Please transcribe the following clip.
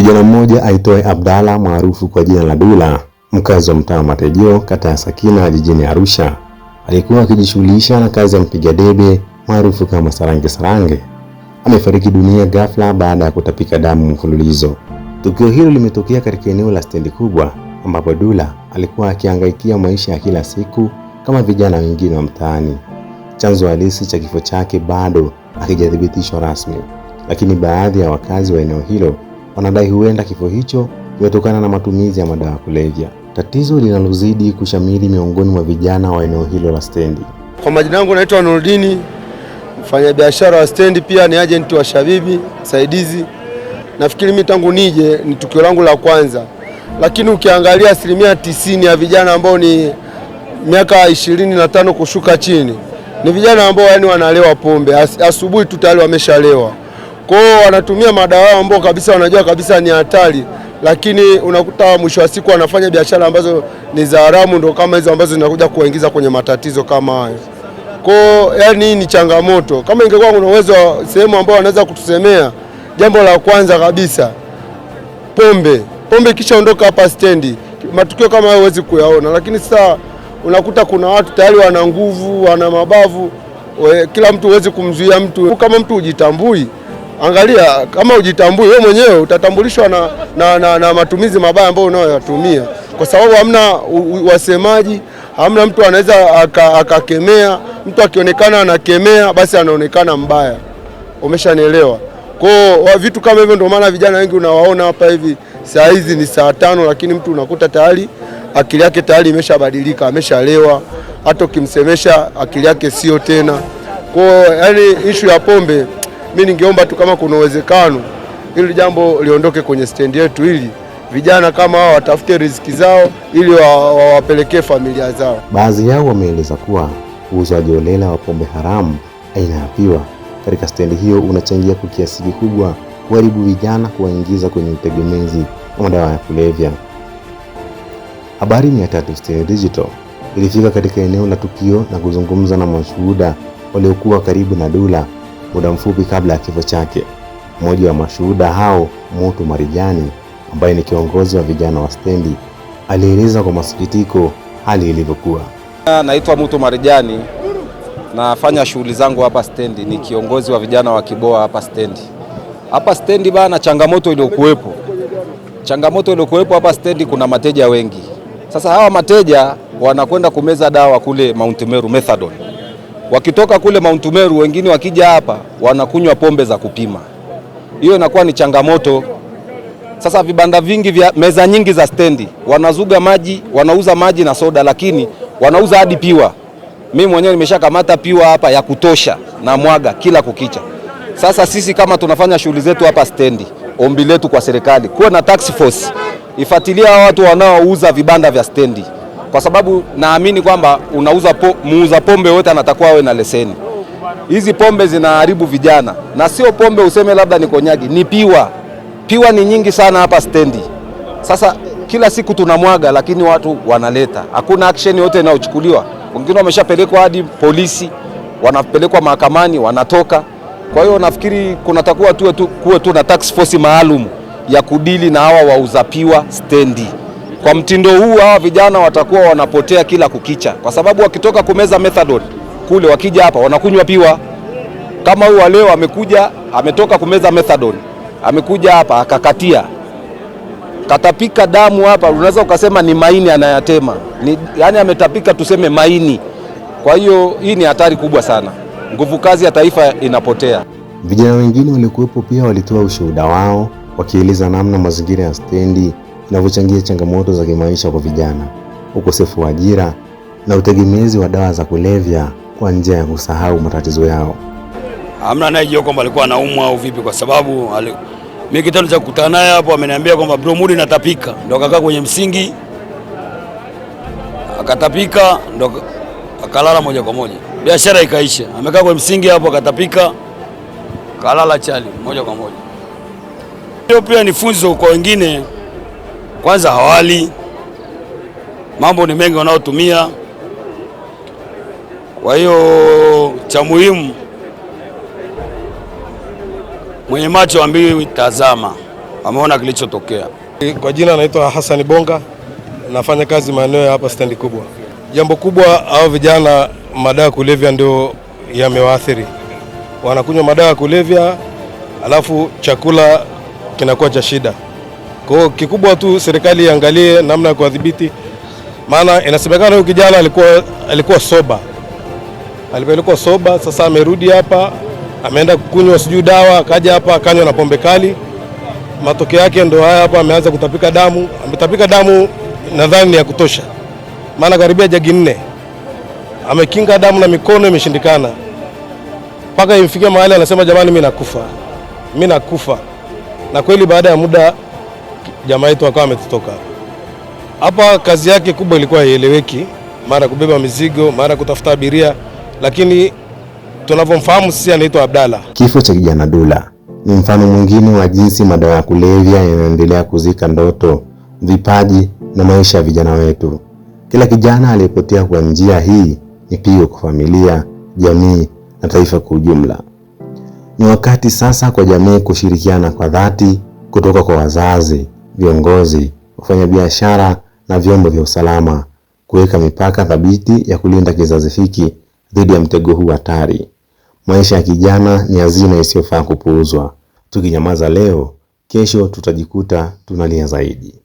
Kijana mmoja aitwaye Abdalla maarufu kwa jina la Dula, mkazi wa mtaa wa Matejeo, kata ya Sakina, jijini Arusha, alikuwa akijishughulisha na kazi ya mpiga debe maarufu kama sarange sarange, amefariki dunia ghafla baada ya kutapika damu mfululizo. Tukio hilo limetokea katika eneo la stendi kubwa, ambapo Dula alikuwa akihangaikia maisha ya kila siku kama vijana wengine wa mtaani. Chanzo halisi cha kifo chake bado hakijathibitishwa rasmi, lakini baadhi ya wakazi wa eneo hilo Wanadai huenda kifo hicho kimetokana na matumizi ya madawa ya kulevya, tatizo linalozidi kushamiri miongoni mwa vijana wa eneo hilo la stendi. Kwa majina yangu naitwa Nurdini, mfanyabiashara wa stendi, pia ni ajenti wa Shabibi msaidizi. Nafikiri mimi tangu nije ni tukio langu la kwanza, lakini ukiangalia asilimia tisini ya vijana ambao ni miaka ishirini na tano kushuka chini ni vijana ambao yani wanalewa pombe asubuhi tu tayari wameshalewa. Kwa hiyo wanatumia madawa ambao kabisa wanajua kabisa ni hatari, lakini unakuta mwisho wa siku wanafanya biashara ambazo ni za haramu, ndo kama hizo ambazo zinakuja kuwaingiza kwenye matatizo kama hayo. Kwa hiyo yani ni changamoto. Kama ingekuwa kuna uwezo sehemu ambao wanaweza kutusemea, jambo la kwanza kabisa pombe. Pombe ikishaondoka hapa stendi, matukio kama hayo huwezi kuyaona, lakini sasa unakuta kuna watu tayari wana nguvu, wana mabavu, kila mtu huwezi kumzuia mtu. Kama mtu hujitambui angalia, kama ujitambui wewe mwenyewe utatambulishwa na, na, na, na matumizi mabaya ambayo unayoyatumia, kwa sababu hamna wasemaji, hamna mtu anaweza akakemea aka. Mtu akionekana anakemea, basi anaonekana mbaya, umeshanielewa? Kwa vitu kama hivyo, ndio maana vijana wengi unawaona hapa hivi saa hizi ni saa tano, lakini mtu unakuta tayari akili yake tayari imeshabadilika, ameshalewa. Hata ukimsemesha akili yake sio tena. Kwa yani ishu ya pombe mi ningeomba tu kama kuna uwezekano hili jambo liondoke kwenye stendi yetu, ili vijana kama hao watafute riziki zao ili wawapelekee wa familia zao. Baadhi yao wameeleza kuwa uuzaji holela wa pombe haramu aina ya piwa katika stendi hiyo unachangia kwa kiasi kikubwa kuharibu vijana, kuwaingiza kwenye utegemezi wa madawa ya kulevya. Habari 360 Digital ilifika katika eneo la tukio na kuzungumza na mashuhuda waliokuwa karibu na Dula muda mfupi kabla ya kifo chake. Mmoja wa mashuhuda hao, Mutu Marijani, ambaye ni kiongozi wa vijana wa stendi, alieleza kwa masikitiko hali ilivyokuwa. Naitwa Mutu Marijani, nafanya shughuli zangu hapa stendi, ni kiongozi wa vijana wa Kiboa hapa stendi. Hapa stendi bana, changamoto iliyokuwepo changamoto iliyokuwepo hapa stendi, kuna mateja wengi. Sasa hawa mateja wanakwenda kumeza dawa kule Mount Meru methadone wakitoka kule Mount Meru, wengine wakija hapa wanakunywa pombe za kupima. Hiyo inakuwa ni changamoto. Sasa vibanda vingi vya meza nyingi za stendi wanazuga maji, wanauza maji na soda, lakini wanauza hadi piwa. Mimi mwenyewe nimeshakamata piwa hapa ya kutosha na mwaga kila kukicha. Sasa sisi kama tunafanya shughuli zetu hapa stendi, ombi letu kwa serikali kuwe na tax force hao watu wanaouza vibanda vya stendi kwa sababu naamini kwamba unauza po, muuza pombe wote anatakuwa awe na leseni. Hizi pombe zinaharibu vijana, na sio pombe useme labda ni konyagi, ni piwa. Piwa ni nyingi sana hapa stendi. Sasa kila siku tunamwaga, lakini watu wanaleta, hakuna action yote inayochukuliwa. Wengine wameshapelekwa hadi polisi, wanapelekwa mahakamani, wanatoka. Kwa hiyo nafikiri kunatakuwa tu, kuwe tu na task force maalum ya kudili na hawa wauza piwa stendi. Kwa mtindo huu hawa vijana watakuwa wanapotea kila kukicha, kwa sababu wakitoka kumeza methadone kule, wakija hapa wanakunywa piwa. Kama huyu leo amekuja ametoka kumeza methadone, amekuja hapa akakatia katapika damu hapa, unaweza ukasema ni maini anayatema ni, yani ametapika tuseme maini. Kwa hiyo hii ni hatari kubwa sana, nguvu kazi ya taifa inapotea. Vijana wengine waliokuwepo pia walitoa ushuhuda wao wakieleza namna mazingira ya stendi vinavyochangia changamoto za kimaisha kwa vijana, ukosefu wa ajira na utegemezi wa dawa za kulevya kwa njia ya kusahau matatizo yao. Hamna anayejua kwamba alikuwa anaumwa au vipi, kwa sababu mimi kitendo cha kukutana naye hapo ameniambia kwamba bro, mudi natapika, ndo akakaa kwenye msingi akatapika, ndo akalala moja kwa moja, biashara ikaisha. Amekaa kwenye msingi hapo akatapika, kalala chali moja kwa moja. Hiyo pia ni funzo kwa wengine kwanza hawali, mambo ni mengi wanayotumia. Kwa hiyo cha muhimu, mwenye macho ambiwi tazama, ameona kilichotokea. Kwa jina naitwa Hassan Bonga, nafanya kazi maeneo ya hapa stendi kubwa. Jambo kubwa, au vijana madawa ya kulevya ndio yamewaathiri, wanakunywa madawa ya kulevya alafu chakula kinakuwa cha shida. Kwa hiyo kikubwa tu serikali iangalie namna ya kuwadhibiti, maana inasemekana huyu kijana alikuwa, alikuwa soba, alipelekwa soba, sasa amerudi hapa ameenda kunywa sijui dawa, akaja hapa akanywa na pombe kali, matokeo yake ndo haya hapa, ameanza kutapika damu. Ametapika damu nadhani ni ya kutosha, maana karibia jagi nne amekinga damu na mikono imeshindikana, mpaka imfikia mahali anasema jamani, mimi nakufa, mimi nakufa. Na kweli baada ya muda jamaa yetu akawa ametutoka hapa. Kazi yake kubwa ilikuwa haieleweki, mara kubeba mizigo, mara kutafuta abiria, lakini tunavyomfahamu sisi anaitwa Abdalla. Kifo cha kijana Dula ni mfano mwingine wa jinsi madawa ya kulevya yanaendelea kuzika ndoto, vipaji na maisha ya vijana wetu. Kila kijana aliyepotea kwa njia hii ni pigo kwa familia, jamii na taifa kwa ujumla. Ni wakati sasa kwa jamii kushirikiana kwa dhati kutoka kwa wazazi viongozi, wafanyabiashara na vyombo vya usalama kuweka mipaka thabiti ya kulinda kizazi hiki dhidi ya mtego huu hatari. Maisha ya kijana ni hazina isiyofaa kupuuzwa. Tukinyamaza leo, kesho tutajikuta tunalia zaidi.